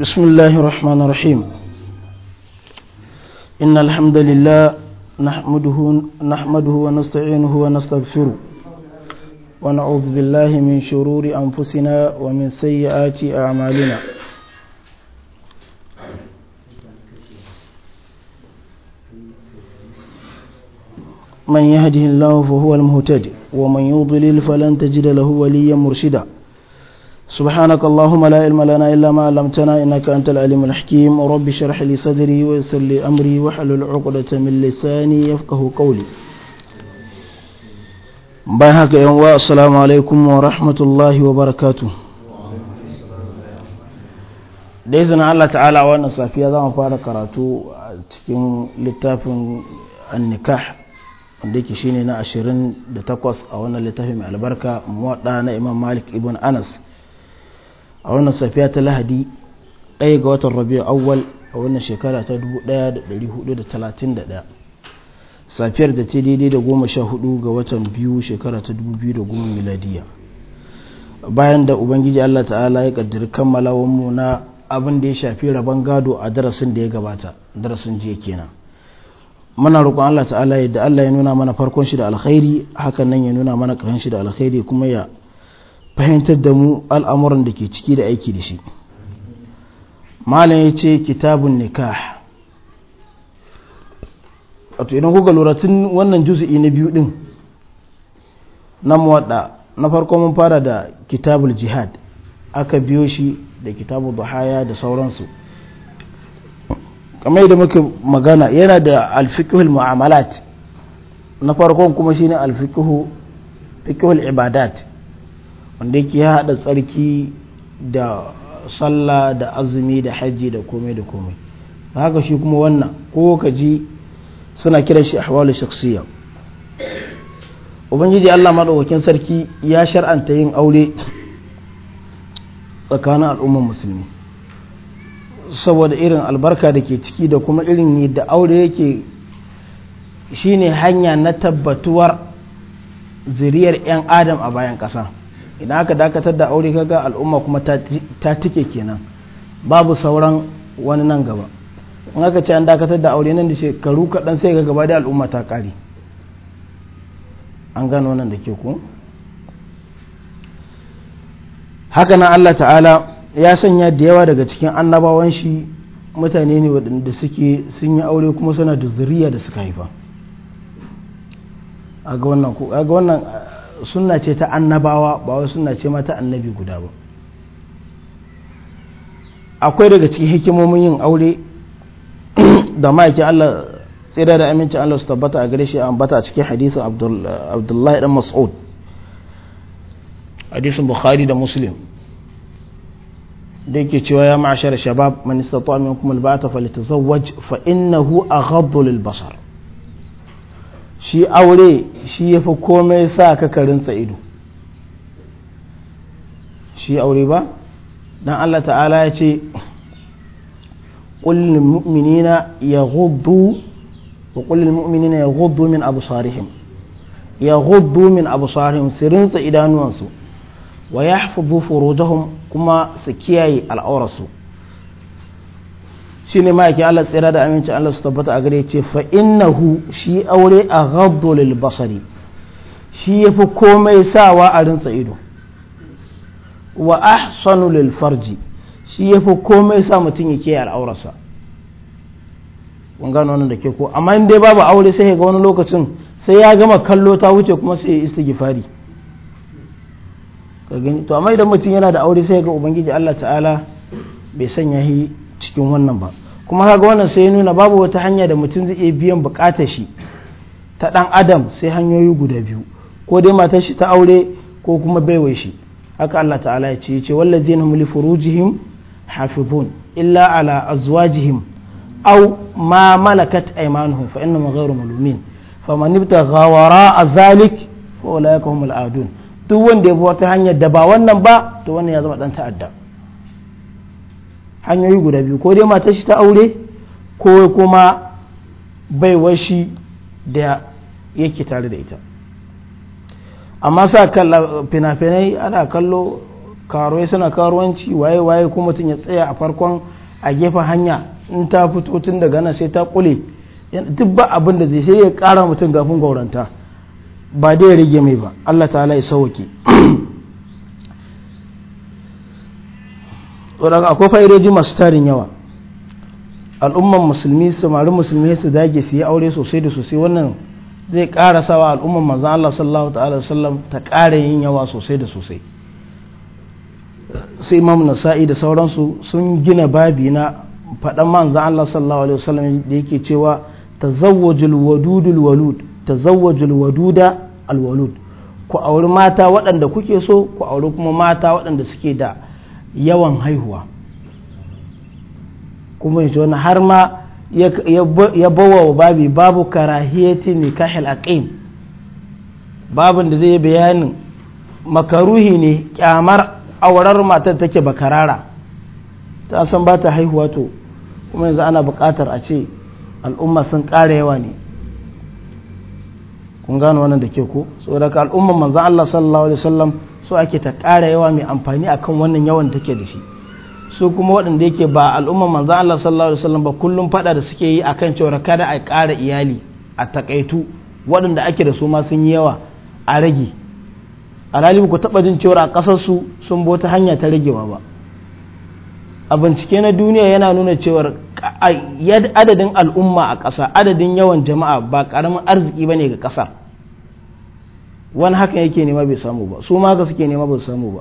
بسم الله الرحمن الرحيم إن الحمد لله نحمده نحمده ونستعينه ونستغفره ونعوذ بالله من شرور أنفسنا ومن سيئات أعمالنا من يهده الله فهو المهتد ومن يضلل فلن تجد له وليا مرشدا سبحانك اللهم لا علم لنا إلا ما علمتنا إنك أنت العليم الحكيم رب اشرح لي صدري ويسر لي أمري واحلل عقدة من لساني يفقه قولي بايهاك يا السلام عليكم ورحمة الله وبركاته da izinin Allah ta'ala wannan safiya za mu fara karatu cikin littafin annikah wanda yake shine na 28 a wannan littafin mai albarka muwaɗa na imam malik ibn anas a wannan safiya ta lahadi ɗaya ga watan rabi' awwal a wannan shekara ta 1431 safiyar da ta daidai da goma sha hudu ga watan biyu shekara ta 2010 miladiya bayan da ubangiji allah ta'ala ya kammalawan mu na abin da ya shafi rabon gado a darasin da ya gabata darasin jiya kenan muna roƙon allah ta'ala yadda allah ya nuna mana farkon shi da alkhairi hakan nan ya nuna mana ƙarshen shi da alkhairi kuma ya fahimtar da mu al'amuran da ke ciki da aiki da shi malam ya ce kitabun nikah wato idan kuka lura tun wannan juzu'i na biyu din na muwadda na farko mun fara da kitabul jihad aka biyo shi da kitabu bahaya da sauransu kamar da muke magana yana da alfikihul mu'amalat na farkon kuma shine alfikihul ibadat wanda yake ya haɗa tsarki da sallah da azumi da hajji da komai da komai haka shi kuma wannan ko ka ji suna kiran shi ahwalu shakhsiyya ubangiji Allah madaukakin sarki ya shar'anta yin aure tsakanin al'ummar musulmi saboda irin albarka da ke ciki da kuma irin da aure yake shine hanya na tabbatuwar ziriyar 'yan adam a bayan ƙasa. idan aka dakatar da aure kaga al'umma kuma ta tike kenan babu sauran wani nan gaba in aka ce an dakatar da aure nan da shekaru kaɗan sai ga gaba da al'umma ta ƙare an gano nan da ke ku haka nan allah ta'ala ya sanya da yawa daga cikin annabawan shi mutane ne waɗanda suke sun yi aure kuma suna da zuriya da suka haifa a ga wannan suna ce ta annabawa ba wai suna ce ma annabi guda ba akwai daga cikin hikimomin yin aure da ma'aikin Allah tsira da amincin Allah su tabbata a gare shi a ambata a cikin hadisun Abdullahi dan Mas'ud hadisin Bukhari da Muslim da yake cewa ya ma'ashar shabab man istata'a minkum al-ba'ata falyatazawwaj fa innahu aghaddu lil-basar shi aure shi ya fi komai sa ka karin ido shi aure ba dan Allah ta'ala ya ce ƙullin mu'minina ya gudu min abu sarihim ya gudu min abu sarihim su rinsa idanuwansu wa ya hafi kuma su kiyaye al'aurarsu shi ne ma'aiki Allah tsira da aminci Allah su tabbata a gare ce fa innahu shi aure a ghaddu lil basari shi ya fi komai sawa a rintsa ido wa ahsanu lil farji shi ya fi komai sa mutum yake al'aurarsa kun gano wannan da ke ko amma in dai babu aure sai ga wani lokacin sai ya gama kallo ta wuce kuma sai ya istighfari ka gani to amma idan mutum yana da aure sai ga ubangiji Allah ta'ala bai sanya shi cikin wannan ba kuma kaga wannan sai ya nuna babu wata hanya da mutum zai iya biyan bukatar shi ta dan adam sai hanyoyi guda biyu ko dai matar shi ta aure ko kuma baiwai shi haka Allah ta'ala ya ce ya ce wallazina hum furujihim hafizun illa ala azwajihim aw ma malakat aymanuhum fa innahum ghayru malumin faman ibtagha wara'a zalik fa ulaika humul adun duk wanda ya bi wata hanyar da ba wannan ba to wannan ya zama dan ta'adda hanyoyi guda biyu ko dai matar shi ta aure ko kuma bai shi da yake tare da ita amma sa kalla fina-finai ana kallo karuwai suna karuwanci waye-waye kuma mutum ya tsaya a farkon a gefen hanya in ta fito tun daga nan sai ta kule duk ba abin da zai sai ya kara mutum gafin gauranta ba dai ya rage mai ba Allah ta'ala ya sauke daga akwai fa'idoji masu tarin yawa al'umman musulmi samarin musulmi su dage su yi aure sosai da sosai wannan zai kara sawa al'umman manzan Allah sallallahu ta'ala sallam ta ƙara yin yawa sosai da sosai sai imam nasa'i da sauransu sun gina babi na faɗan manzan Allah sallallahu alaihi wasallam da yake cewa tazawwajul wadudul walud tazawwajul waduda alwalud ku auri mata waɗanda kuke so ku auri kuma mata waɗanda suke da yawan haihuwa kuma yi wani har ma ya bawa wa babi babu karahiyati kahil aqim babin da zai yi bayanin makaruhi ne kyamar aurar matar take bakarara ta san ba ta haihuwa to kuma yanzu ana bukatar a ce al'umma sun ƙara yawa ne kun gano wannan da ke ko saboda ka al'umman manzo Allah sallallahu alaihi wasallam so ake ta ƙara yawa mai amfani akan wannan yawan take da shi su kuma waɗanda yake ba al'umman manzo Allah sallallahu alaihi wasallam ba kullum fada da suke yi akan cewa kada a ƙara iyali a takaitu waɗanda ake da su ma sun yi yawa a rage a ralibu ku taɓa jin cewa a ƙasar su sun bota hanya ta ragewa ba a bincike na duniya yana nuna cewar a adadin al'umma a ƙasa adadin yawan jama'a ba ƙaramin arziki ba ne ga ƙasar wani haka yake nema bai samu ba su ma haka suke nema ba samu ba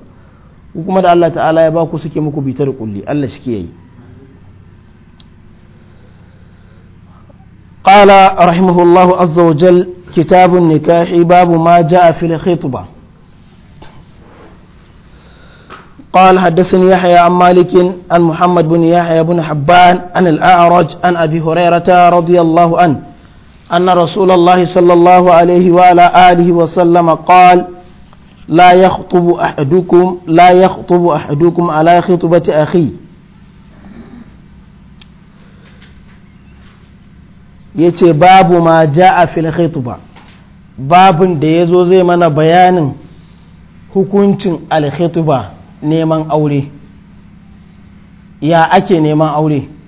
kuma da Allah ta'ala ya ba ku suke muku bitar kulli Allah suke yi ƙala rahimahullahu azza wa jal kitabun nikahi babu ma جاء في الخطبه قال حدثني يحيى عن مالك عن محمد بن يحيى بن حبان عن الأعرج عن أبي هريرة رضي الله عنه أن رسول الله صلى الله عليه وعلى آله وسلم قال لا يخطب أحدكم لا يخطب أحدكم على خطبة أخيه yace babu ma ja'a fil khitba babun da yazo zai mana bayanin hukuncin al khitba neman aure ya ake neman aure